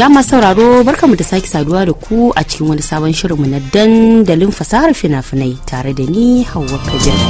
ya masu sauraro barkamu da sake saduwa da ku a cikin wani sabon shirinmu na dandalin fasahar fina-finai tare da ni Hauwa Kajar.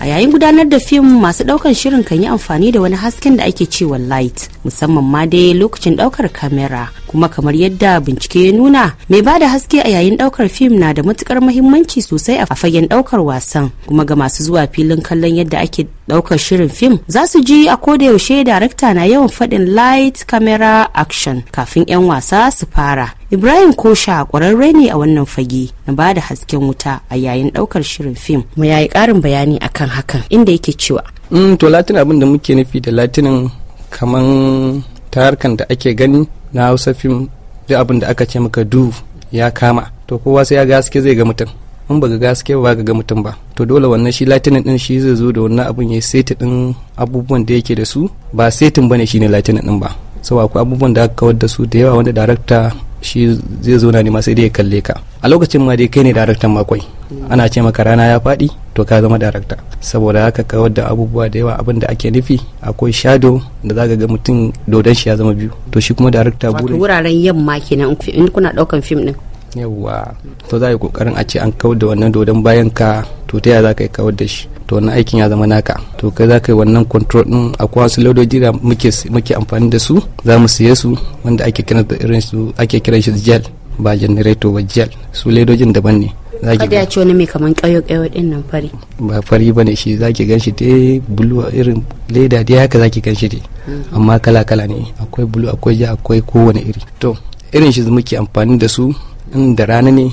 A yayin gudanar da fim masu ɗaukar shirin kan yi amfani da wani hasken da ake cewa light musamman ma dai lokacin daukar kamera kuma kamar yadda bincike ya nuna mai ba da haske a yayin daukar fim na da matukar mahimmanci sosai a fagen daukar wasan kuma ga masu zuwa filin kallon yadda ake daukar shirin fim za su ji a koda yaushe darakta na yawan faɗin light camera action kafin 'yan wasa su fara ibrahim kosha kwararre ne a wannan fage na bada hasken wuta a yayin daukar shirin fim mu yayi karin bayani akan hakan inda yake cewa mm, to latin abin da muke nufi da latinin kaman ta da ake gani na hausa fim duk abin da aka ce maka du ya kama to kowa sai ya ga zai ga mutum in ba ga gaske ba ga mutum ba to dole wannan shi latinin din shi zai zo da wannan abun ya seti din abubuwan da yake da su ba setin bane shine latinin din ba sau akwai abubuwan da aka kawar da su da yawa wanda darakta shi zai zo na nema sai dai ya kalle ka a lokacin ma dai kai ne daraktan makwai ana ce maka rana ya faɗi to ka zama darakta saboda haka kawar da abubuwa da yawa abin da ake nufi akwai shado da zaka ga mutum dodon shi ya zama biyu to shi kuma darakta wato wuraren yamma kenan in kuna daukan fim din yawwa to za a yi kokarin a ce an kawar da wannan dodon bayan ka to ta yaya za ka yi kawar da shi to wannan aikin ya zama naka to kai za ka yi wannan control din akwai wasu laudoji da muke amfani da su za mu siye su wanda ake kiran da irin su ake kiran shi gel ba generator ba gel su ledojin daban ne za ki ga ce wani mai kaman kayo kayo din nan fari ba fari bane shi za gan shi te bulu irin leda dai haka za gan shi te. Mm-hmm. amma kala kala ne akwai bulu akwai ja akwai kowane iri to irin shi muke amfani da su in da rana ne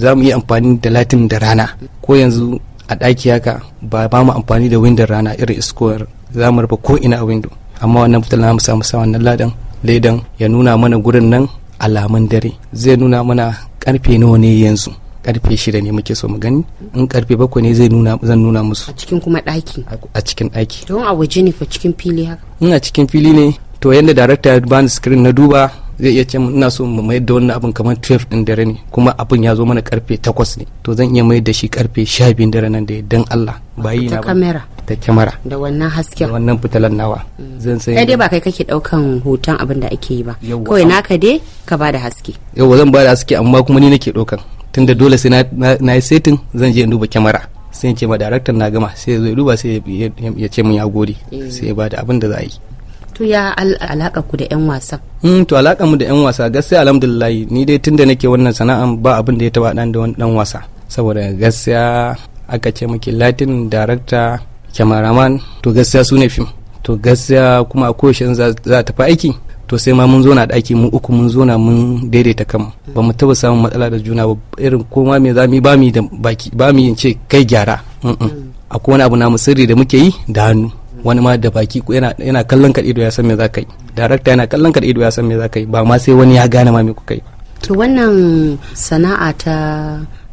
za mu yi amfani da latin da rana ko yanzu a ɗaki haka ba ba mu amfani da windon rana irin iskowar za mu rufe ko ina a windo amma wannan fitar na mu samu sa wannan ladan ledan ya nuna mana gurin nan alamun dare zai nuna mana karfe nawa ne yanzu karfe shida ne muke so mu gani in karfe bakwai ne zai nuna zan nuna musu a cikin kuma ɗaki a cikin ɗaki don a waje ne fa cikin fili haka in a cikin fili ne to yadda darakta ya bani screen na duba zai iya ce ina so mu mai da wannan abin kamar 12 din dare ne kuma abin ya zo mana karfe 8 ne to zan iya mai da shi karfe 12 dare nan da dan Allah bayi na kamera ta kyamara da wannan hasken da wannan fitalan nawa mm. zan sai dai ba kai kake daukan hoton abin da ake yi ba kawai naka dai ka ba da haske yau zan ba da haske amma kuma ni nake daukan tunda dole sai na yi setin zan je in duba kyamara sai ce ma director na gama sai ya zo ya duba sai ya ce mun ya gode eh. sai ya ba da abin da za a yi to ya alaka ku da yan wasa hmm, to alaka mu da yan wasa gaskiya alhamdulillah ni dai tunda nake wannan sana'an ba abin da ya taba dan da dan wasa saboda gaskiya aka ce miki latin director cameraman to gaskiya su ne fim to gaskiya kuma a koyaushe za ta fi aiki to sai ma mun zo na daki mu uku mun zo na mun daidaita kan ba mu taba samun matsala da juna ba irin koma me za mu ba mu da baki ba mu ce kai gyara mm. akwai wani abu na mu sirri da muke yi da hannu wani ma da baki yana kallon ka ido ya san me za ka yi darakta yana kallon ka ido ya san me za ka yi ba ma sai wani ya gane ma me kuka yi to wannan sana'a ta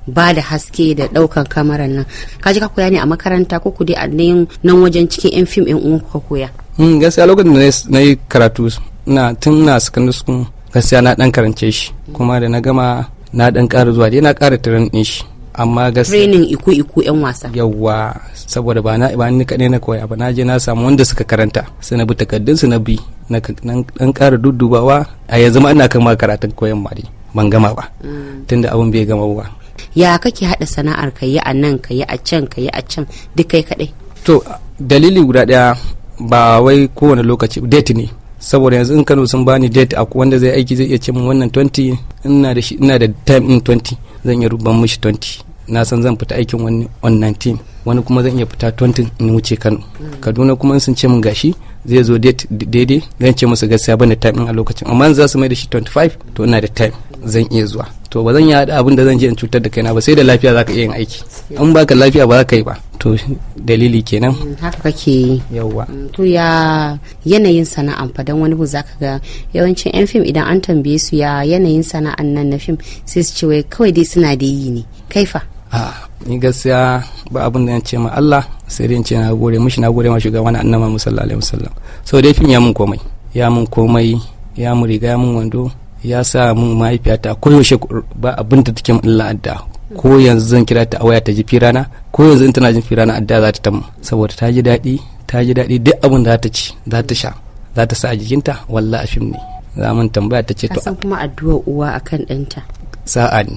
ba da haske da daukan kamarar nan ka ji ka koya ne a makaranta ko ku dai a nan wajen cikin yan fim yan uwan ka koya mm, gaskiya lokacin da na yi karatu na tun na secondary school gaskiya na dan karance shi kuma da na gama na dan ƙara zuwa dai na ƙara tiran din shi amma gaskiya training iku iku yan wasa yawa saboda ba na ba ni kadai na koya ba na je na samu wanda suka karanta sai na bi takaddun su na bi na dan ƙara duddubawa a yanzu ma ina kan ma karatun koyon mari ban gama ba mm. tunda abun bai gama ba ya kake hada sana'ar ka yi a nan ka yi a can ka yi a can duk kai kadai to dalili guda daya ba wai kowane lokaci date ne saboda yanzu in Kano sun bani date a wanda zai aiki zai iya ce wannan 20 ina da ina da time in 20 zan iya ruban mishi 20 na san zan fita aikin wani on 19 wani kuma zan iya fita 20 in wuce kano mm. kaduna kuma sun ce min gashi zai zo daidai zan ce musu gaskiya bane time a lokacin amma za su mai da shi 25 to ina da time zan iya zuwa to ba zan yi abin da zan je in cutar da kaina ba sai da lafiya zaka iya yin aiki in baka lafiya ba za ka yi ba to dalili kenan mm, haka kake yawa mm, to ya yanayin sana'an fa dan wani zaka ga yawancin yan fim idan an tambaye su ya yanayin sana'an nan na fim sai su ce wai kawai dai suna da yi ne kaifa a ni gaskiya ba abin da ce ma Allah sai dai ce na gode mishi na gode ma shugaban annabi musallallahu alaihi wasallam so dai fim ya mun komai ya mun komai ya mun riga ya mun wando ya sa mun mahaifiyata yaushe ba abin da take illa adda ko yanzu zan kira ta a waya ta ji rana ko yanzu in tana jin rana adda za ta tamu saboda ta ji daɗi ta ji daɗi duk abin da ta ci za ta sha za ta sa a jikinta walla a fim ne za mun tambaya ta ce to san kuma addu'a uwa akan ɗanta sa'a ne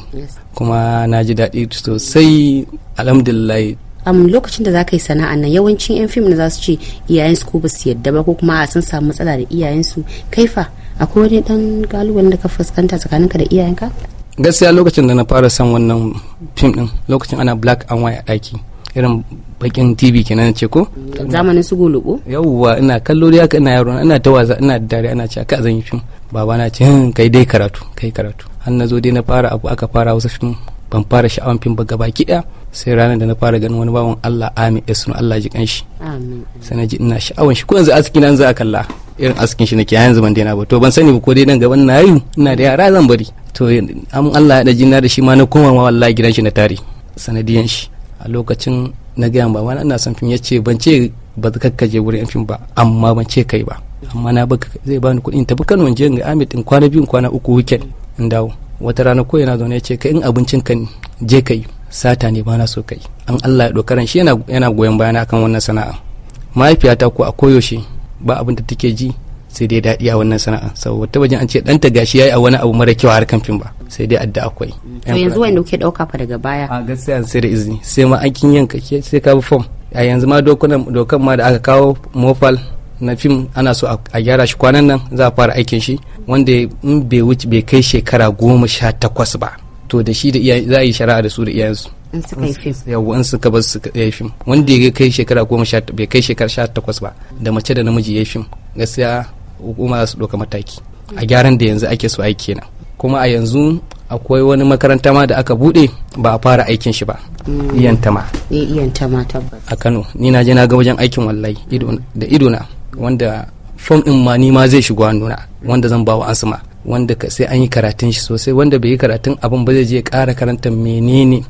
kuma na ji daɗi sosai alhamdulillah um, lokacin da za ka yi sana'a nan yawancin 'yan fim na za su ce iyayensu ko ba su yadda ba ko kuma a san samu matsala da iyayensu kaifa akwai wani dan kalubalen da ka fuskanta tsakaninka da iyayenka gaskiya lokacin da na fara san wannan fim din lokacin ana black and white a daki irin bakin tv kenan ce ko zamanin su gulubu yawwa ina kallo da haka ina yaro ina ta waza ina dare ana ce ka zan yi fim baba na ce hmm, kai dai karatu kai karatu har na zo dai na fara abu aka fara wasu fim ban fara sha'awan fim ba gaba kiɗa sai ranar da na fara ganin wani bawan Allah amin suna Allah ji kanshi amin sai na ji ina sha'awan shi ko yanzu aski nan za a kalla irin askin shi nake yanzu ban daina ba to ban sani ba ko dai nan gaban na yi ina da yara zan bari to amin Allah ya da jinna da shi ma na koma ma wallahi gidan shi na tare sanadiyan shi a lokacin na gaya ba wani ina son fim ya ce ban ce ba ka kakkaje wurin fim ba amma ban ce kai ba amma na baka zai bani kuɗi in tafi Kano in je ga Amit in kwana biyu kwana uku weekend in dawo wata rana ko yana zaune ya ce kai in abincin ka je kai sata ne bana so kai an Allah ya dokaran shi yana goyon bayana akan wannan sana'a mahaifiyata ko a koyaushe ba abin da take ji sai dai daɗi a wannan sana'a saboda ta wajen an ce ɗanta gashi yayi a wani abu mara kyau har kamfin ba sai dai adda akwai to yanzu wanda kuke ɗauka fa daga baya a gaskiya sai da izini sai ma an kin yanka sai ka bi form a yanzu ma dokunan dokan ma da aka kawo mofal na fim ana so a gyara shi kwanan nan za a fara aikin shi wanda in bai wuce bai kai shekara goma sha takwas ba to da shi da za a yi shari'a da su da iyayensu in suka yi fim yawa in suka yi fim wanda ya kai shekara goma sha bai kai shekara sha takwas ba da mace da namiji ya yi fim gaskiya hukuma za su ɗauka mataki a gyaran da yanzu ake so aiki na kuma a yanzu akwai wani makaranta ma da aka bude ba a fara aikin shi ba mm. iyan tama eh, tabbas a Kano ni na je na ga wajen aikin wallahi da idona wanda fom ɗin ma ni ma zai shigo hannuna wanda zan ba wa asma wanda ka sai an yi karatun shi sosai wanda bai yi karatun abin ba zai je ƙara karanta menene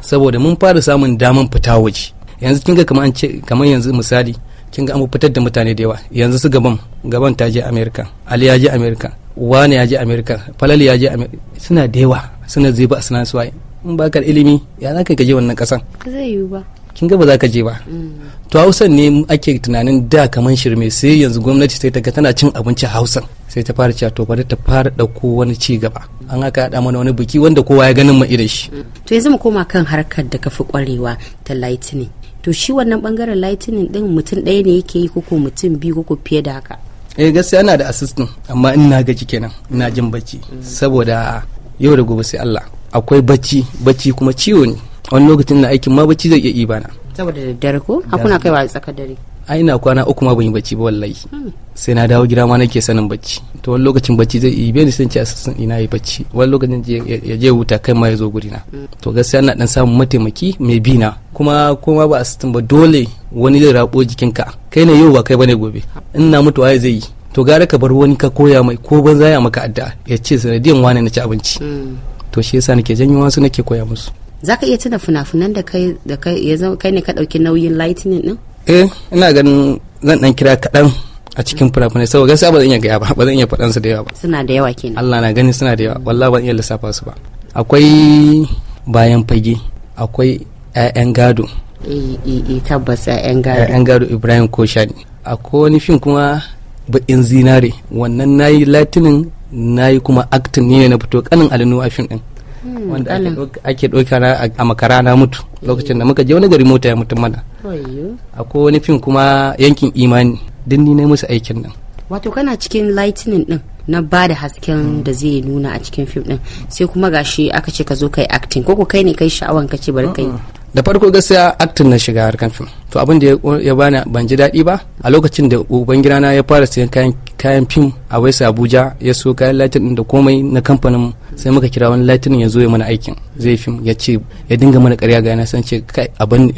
saboda mun fara samun daman fita waje yanzu kinga kamar an ce kamar yanzu misali kinga an fitar da mutane da yawa yanzu su gaban gaban ta je america ali ya je america wani ya je america falal ya je america suna da yawa suna zai ba suna suwaye in ba ka ilimi ya za ka je wannan kasan zai yiwu ba kin ga ba za ka je ba mm. to Hausa ne ake tunanin da kamar shirme sai yanzu gwamnati sai ta ga tana cin abinci hausan sai ta fara cewa to bari ta fara dauko wani ci gaba an haka haɗa mana wani biki wanda kowa ya ganin mu irin shi to yanzu mu koma kan harkar da kafi kwarewa ta lightning to shi wannan bangaren lightning din mutum ɗaya ne yake yi koko mutum biyu koko fiye da haka eh gaskiya ana da assistant amma ina gaji kenan ina jin bacci mm. saboda yau da gobe sai Allah akwai bacci bacci kuma ciwo ne wani lokacin na aikin ma bacci zai iya yi bana saboda daddare ko a hakuna kaiwa tsakar dare ai ina kwana uku ma ban yi bacci ba wallahi hmm. sai na dawo gida ma ke sanin bacci to wani lokacin bacci zai yi bai san cewa sun ina yi bacci wani lokacin ya je huta kai ma ya zo na. Hmm. to gaskiya ina dan samun mataimaki mai bina kuma kuma ba asistin ba dole wani zai rabo ka. kai ne yau ba kai ba ne gobe In na mutuwa zai yi to gara ka bar wani ka koya mai ko banza ya maka adda ya ce sanadiyan wane na ci abinci hmm. to shi yasa nake janyo wasu nake koya musu za ka iya tuna fina-finan da kai da kai ya zama kai ne ka ɗauki nauyin lightning din eh ina ganin zan dan kira kaɗan a cikin fina-finai saboda gaskiya ba zan iya gaya ba ba zan iya faɗan su da yawa ba suna da yawa kenan Allah na gani suna da yawa wallahi ban iya lissafa su ba akwai bayan fage akwai ƴaƴan gado eh, eh, eh tabbas ƴaƴan gado ƴaƴan gado Ibrahim Koshani akwai wani fim kuma baƙin zinare wannan nayi latinin nayi kuma acting ne na fito kanin alinu a fim din Hmm, wanda ake ɗauka a makara na mutu lokacin da muka je wani gari mota ya mutu mana akwai wani fim kuma yankin imani din ni na musu aikin nan wato kana cikin lightning din na ba da hasken hmm. da zai nuna a cikin fim din sai kuma gashi aka ce ka zo kai acting koko kai ne kai sha'awan ka ce bari kai uh-uh. da farko gaskiya acting na shiga harkan fim to abin da ya bani ban ji daɗi ba a lokacin da ubangirana ya fara sayan kayan fim a waisa abuja ya so kayan lighting da komai na kamfanin sai muka kira wani latinin ya zo ya mana aikin zai fim ya ce ya dinga mana karya ga yana san ce kai abin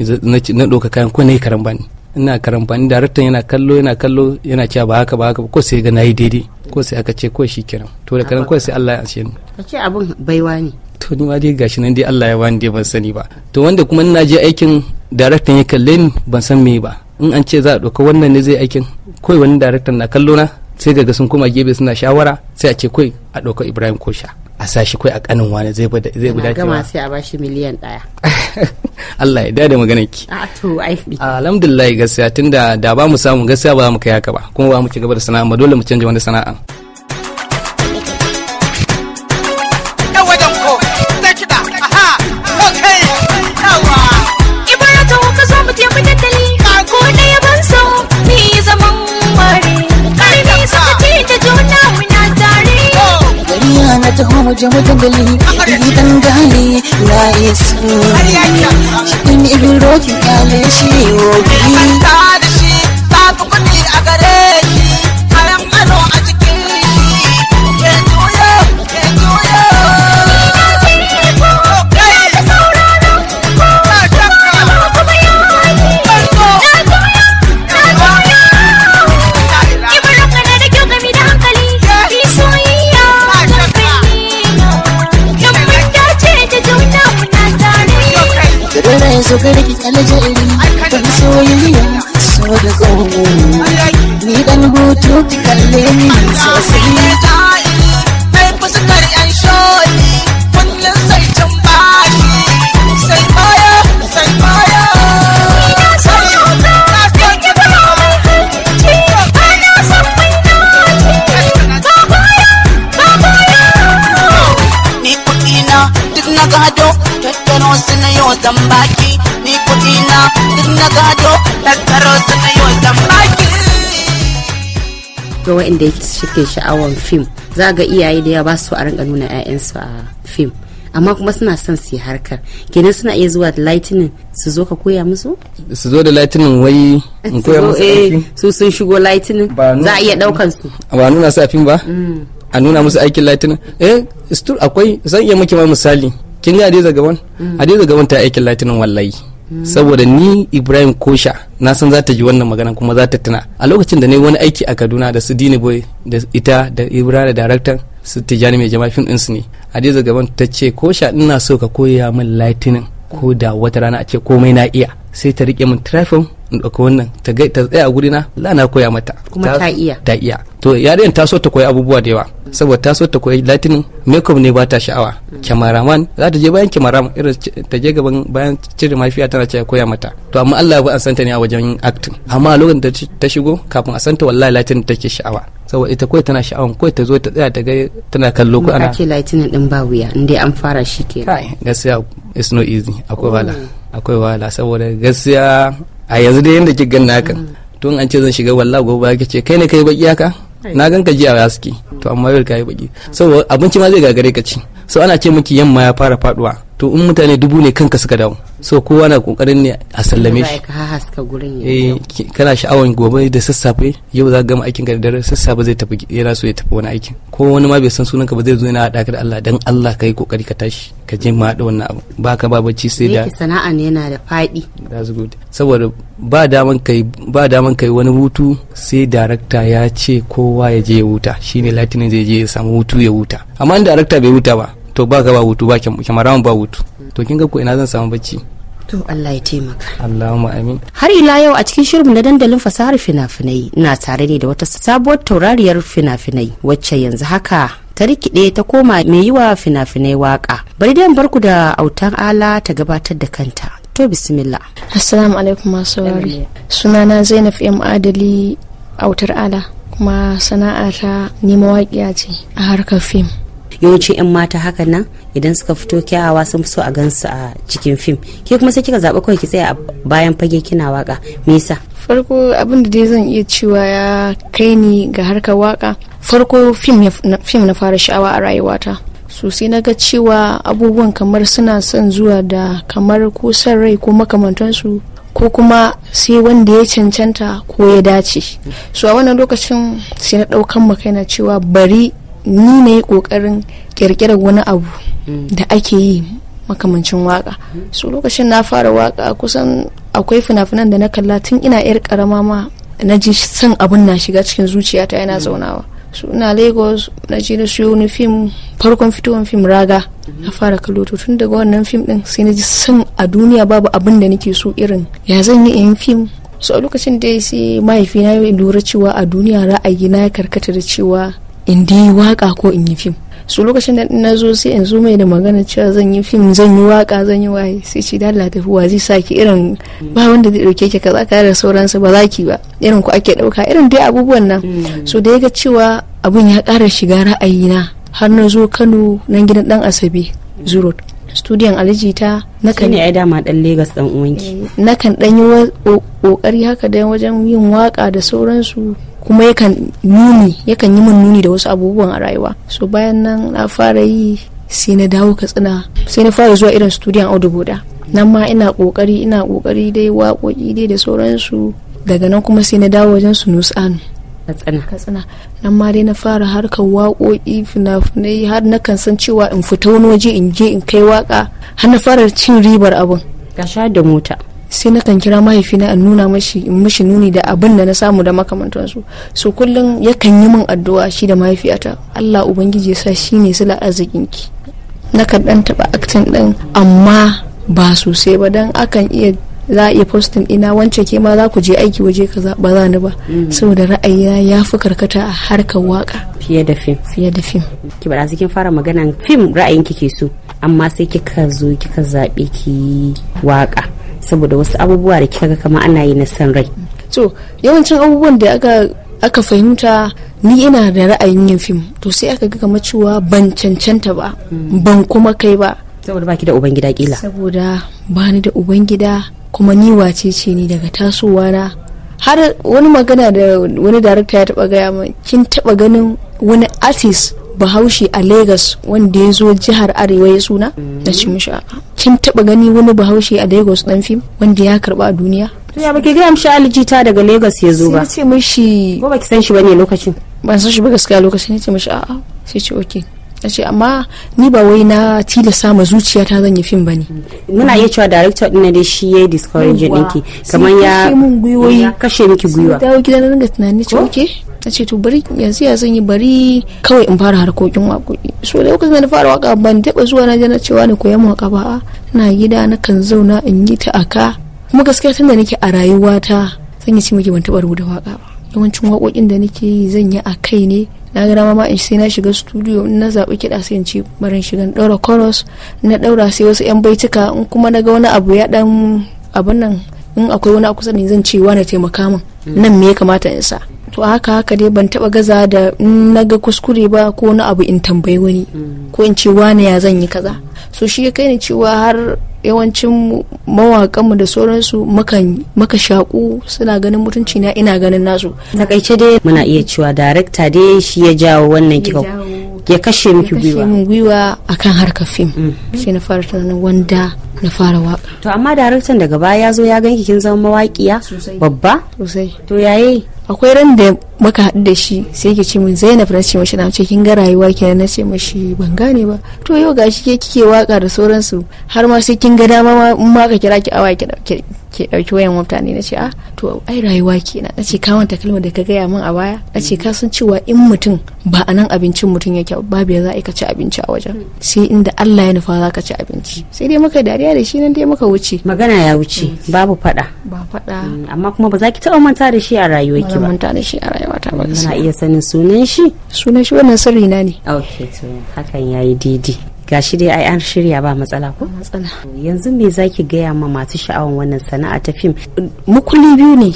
na doka kayan ko yi karamba ne ina karan bani daraktan yana kallo yana kallo yana cewa ba haka ba haka ko sai ga nayi daidai ko sai aka ce ko shi kiran to da karan ko sai Allah ya ashe ni ka ce abin baiwa ne to ni ma dai gashi nan dai Allah ya bani dai ban sani ba to wanda kuma ina je aikin daraktan ya kalle ni ban san me ba in an ce za a ɗauka wannan ne zai aikin kawai wani daraktan na kallo na sai ga sun koma gefe suna shawara sai a ce kawai a ɗauka ibrahim kosha a sashi kai a kanin wani zai bada zai bada dacewa gama sai a bashi miliyan daya Allah ya dade maganar ki a ah, to ai alhamdulillah gaskiya tunda da ba mu samu gaskiya ba mu kai haka ba kuma ba mu ci gaba da sana'a dole mu canja wani sana'a ta mu je mu dandali ni dan gane na yesu shi ne irin rokin kyale shi ne rai so ka riki aljeri kan soyayya so da gogo ni dan butu kalle ni sosai ta ai fuskar ai shoni kullun su inda yau zan baki ni kuɗi na duk na gado zan baki ga suke sha'awar fim za ga iyaye da ya ba su a rinka nuna 'ya'yansu a fim amma kuma suna son su yi harkar kenan suna iya zuwa da lightning su zo ka koya musu su zo da lightning wai in koya musu aiki su sun shigo lightning za a iya daukar su ba nuna su a fim ba a nuna musu aikin lightning eh akwai zan iya muke ma misali kin ga Adeza Gabon mm. Adeza Gabon ta aikin latinin wallahi mm. saboda ni Ibrahim Kosha na san za ta ji wannan magana kuma za ta tuna a lokacin da ne wani aiki a Kaduna da su Dini Boy da ita da Ibrahim da director su Tijani mai jama'a fim ɗinsu ne Hadiza Gabon ta ce Kosha ina so ka koya min latinin ko da wata rana a ce komai na iya sai ta rike min trafin ɗauki wannan ta tsaya a na lana koya mata kuma ta iya ta iya to yarinyar ta so ta koyi abubuwa da yawa saboda ta so ta koyi latinin makeup ne ba ta sha'awa kyamaraman za ta je bayan kyamaraman irin ta je gaban bayan cire mafiya tana cewa koya mata to amma Allah bi an santa ne a wajen acting amma a lokacin da ta shigo kafin a santa wallahi latinin take sha'awa saboda ita kawai tana sha'awan kawai ta zo ta tsaya ta ga tana kallo ko ana ake latinin din ba wuya in dai an fara shi ke kai gaskiya it's no easy akwai wala mm. akwai wala saboda gaskiya a yanzu dai yadda kika ganna kan tun an ce zan shiga wallahi gobe ba ce kai ne kai baki haka na gan ka jiya ya suke to amma yau kai baki saboda abinci ma zai gagare ka ci so ana ce miki yamma ya fara faduwa to in mutane dubu ne kanka suka dawo so kowa na kokarin ne a sallame shi eh kana sha'awan gobe da sassafe yau za ka gama aikin ka da dare sassafe zai tafi yana so ya tafi wani aikin ko wani ma bai san sunanka ba zai zo yana haɗa ka da Allah dan Allah kai kokari ka tashi ka je ma da wannan abu ba ka ba bacci sai da sana'a ne yana da faɗi that's good saboda ba daman kai ba daman kai wani hutu sai darakta ya ce kowa ya je ya huta shine latinin zai je ya samu hutu ya huta amma in darakta bai huta ba to ba ga ba hutu ba kyamarawan ba hutu to kin ga ko ina zan samu bacci To Allah ya taimaka. Allahumma amin. Har ila yau a cikin shirin na dandalin fasahar fina-finai na tare ne da wata sabuwar taurariyar fina-finai wacce yanzu haka ta rikide ta koma mai yi wa fina-finai waka. Bari dan barku da autan ala ta gabatar da kanta. To bismillah. Assalamu alaikum masu wari. Sunana Zainab M Adali autar ala kuma sana'ata ni waƙiya ce a harkar fim. yawanci 'yan mata haka nan idan suka fito kyawawa sun fi so a gansu a cikin fim ke kuma sai kika zaɓa kawai ki tsaya a bayan fage kina waka me yasa farko abin da dai zan iya cewa ya kai ni ga harkar waka farko fim na fara sha'awa a rayuwata sosai na ga cewa abubuwan kamar suna son zuwa da kamar ko son rai ko makamantansu ko kuma sai wanda ya cancanta ko ya dace su a wannan lokacin sai na ɗaukan makaina cewa bari ni na yi ƙoƙarin ƙirƙirar wani abu hmm. da ake yi makamancin waka su lokacin na fara waka kusan akwai fina-finan da na kalla tun ina yar karama ma na ji son abin na shiga cikin zuciyata yana hmm. zaunawa su ina lagos na je na siyo wani fim farkon fitowar fim raga hmm. na fara kallo to tun daga wannan fim din sai na ji son a duniya babu abin da nake so irin ya zan yi in fim so a lokacin da sai mahaifina ya lura cewa a duniya ra'ayi na ya karkata da cewa in di waka ko in yi fim su lokacin da na zo sai in zo mai da magana cewa zan yi fim zan yi waka zan yi waye sai ce da Allah tafi wa zai saki irin ba wanda zai dauke ki kaza kare da sauransu ba za ki ba irin ku ake dauka irin dai abubuwan nan hmm. so da ga cewa abun ya kara shiga ra'ayina har na zo Kano nan gidan dan Asabe Zurot studiyon ta na kan ne dama dan Lagos dan uwanki eh, na kan dan yi kokari haka da wajen yin waka da sauransu kuma yakan nuni yakan yi min nuni da wasu abubuwan a rayuwa so bayan nan na fara yi sai na dawo katsina sai na fara zuwa irin studiyon boda nan ma ina kokari ina kokari dai waƙoƙi dai da sauransu daga nan kuma sai na dawo wajen su nusanu katsina nan ma dai na fara harkar waƙoƙi fina-finai har na kan san cewa in fita wani waje in je in kai waƙa har na fara cin ribar abin sha da mota sai na kan kira mahaifina a nuna mashi in nuni da abin da na samu da makamantansu so kullum yakan yi min addu'a shi da mahaifiyata Allah ubangiji sa shi ne sila arzikinki na kan dan taba aktin din amma ba sosai ba dan akan iya za a iya postin ina wance ke ma za ku je aiki waje kaza ba za ni ba mm. saboda ra'ayi ya fi karkata a harkar waka fiye da fim fiye da fim ki bada kin fara magana fim ra'ayin ki ke so amma sai kika zo kika zabe ki waka saboda wasu abubuwa da kika ga kama ana yi na san rai to yawancin abubuwan da aka aka fahimta ni ina da ra'ayin yin fim to sai aka ga kamar cewa ban cancanta ba mm. ban kuma kai ba saboda baki da ubangida kila saboda bani da ubangida kuma ni wace ce ni daga tasowa na har wani magana da wani darakta ya taba gaya min kin taba ganin wani artist bahaushe a lagos wanda ya zo jihar arewa ya suna na ci mishi a'a kin taba gani wani bahaushe a lagos dan fim wanda ya karba a duniya ya baki gaya mishi ta daga lagos ya zo ba sai ce mishi ko baki san shi bane lokacin ban san shi ba gaskiya lokacin ya ce mishi a'a sai ce okay ya ce amma ni ba wai na tilasta ma zuciya ta zan yi fim ba ne muna iya cewa director ɗin da shi ya yi discouraging ɗinki kamar ya kashe miki gwiwa dawo gida na dinga tunani ce oke na ce to bari yanzu ya zan bari kawai in fara harkokin waƙoƙi so da lokacin na fara waka ban taɓa zuwa na je na cewa ne koyan waƙa ba na gida na kan zauna in yi ta aka kuma gaskiya tunda nake a rayuwata zan yi ci miki ban taɓa rubuta waka. ba yawancin waƙoƙin da nake yi zan yi a kai ne na ga dama ma in sai na shiga studio in na zaɓi kiɗa sai in ci barin shiga ɗaura chorus na ɗaura sai wasu 'yan baituka in kuma na ga wani abu ya ɗan nan in akwai wani a kusa ne zan ce wani taimaka min nan me ya kamata in sa to haka haka dai ban taba gaza da na ga kuskure ba ko na abu in tambayi wani mm. ko in ce wane ya zan yi kaza so shi ya kai ni cewa har yawancin mawakanmu da sauransu maka shaƙu suna ganin mutunci na ina ganin nasu takaice dai muna iya cewa darekta dai shi ya jawo wannan kika ya kashe miki gwiwa ya kashe gwiwa akan harkar fim mm. sai na fara tunanin wanda na fara waka to amma daraktan daga baya ya zo ya ganki kin zama mawaƙiya babba to yaye akwai ran da muka haɗu da shi sai yake ce min zainab na ce mashi na ce kin ga rayuwa kenan na ce mashi ban gane ba to yau gashi ke kike waka da sauransu har ma sai kin ga dama ma ka kira ki awa ki ke ɗauki wayan mutane na ce a ah, to ai rayuwa kenan na ce kawon takalma da ka gaya min a baya na ce ka san cewa in mutum ba a nan abincin mutum yake babu ya za a ci abinci a wajen sai inda Allah ya nufa za ka ci abinci sai dai muka dariya da shi nan dai muka wuce magana ya wuce babu fada ba fada mm, amma kuma ba za ki taɓa manta da shi a rayuwarki ba manta da shi a ta ba na iya sanin sunan shi sunan shi wannan sirri na ne okay to hakan yayi didi ga shi dai ai an shirya ba matsala ko matsala yanzu me zaki gaya ma masu sha'awan wannan sana'a ta fim mukuli biyu ne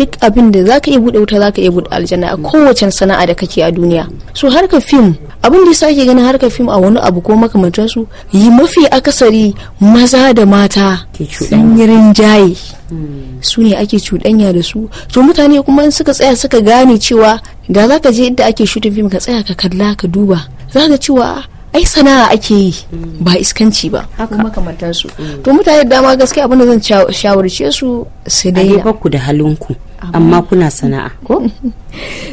duk abin da zaka iya bude wuta zaka iya bude aljanna a kowace sana'a da kake a duniya so harka fim abin da sake ganin harka fim a wani abu ko makamantar su yi mafi akasari maza da mata sun yi rinjaye hmm. su ne ake cuɗanya da su to mutane kuma suka tsaya suka gane cewa da za ka je inda ake shuta fim ka tsaya ka kalla ka duba za ka cewa ai sana'a ake yi hmm. ba iskanci ba haka makamantar su hmm. to mutane dama gaskiya abinda zan shawarce su su dai ba ku da halinku amma kuna sana'a ko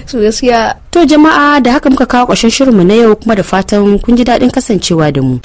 su gaskiya to jama'a da haka muka kawo ƙarshen shirinmu na yau kuma da fatan kun ji daɗin kasancewa da mu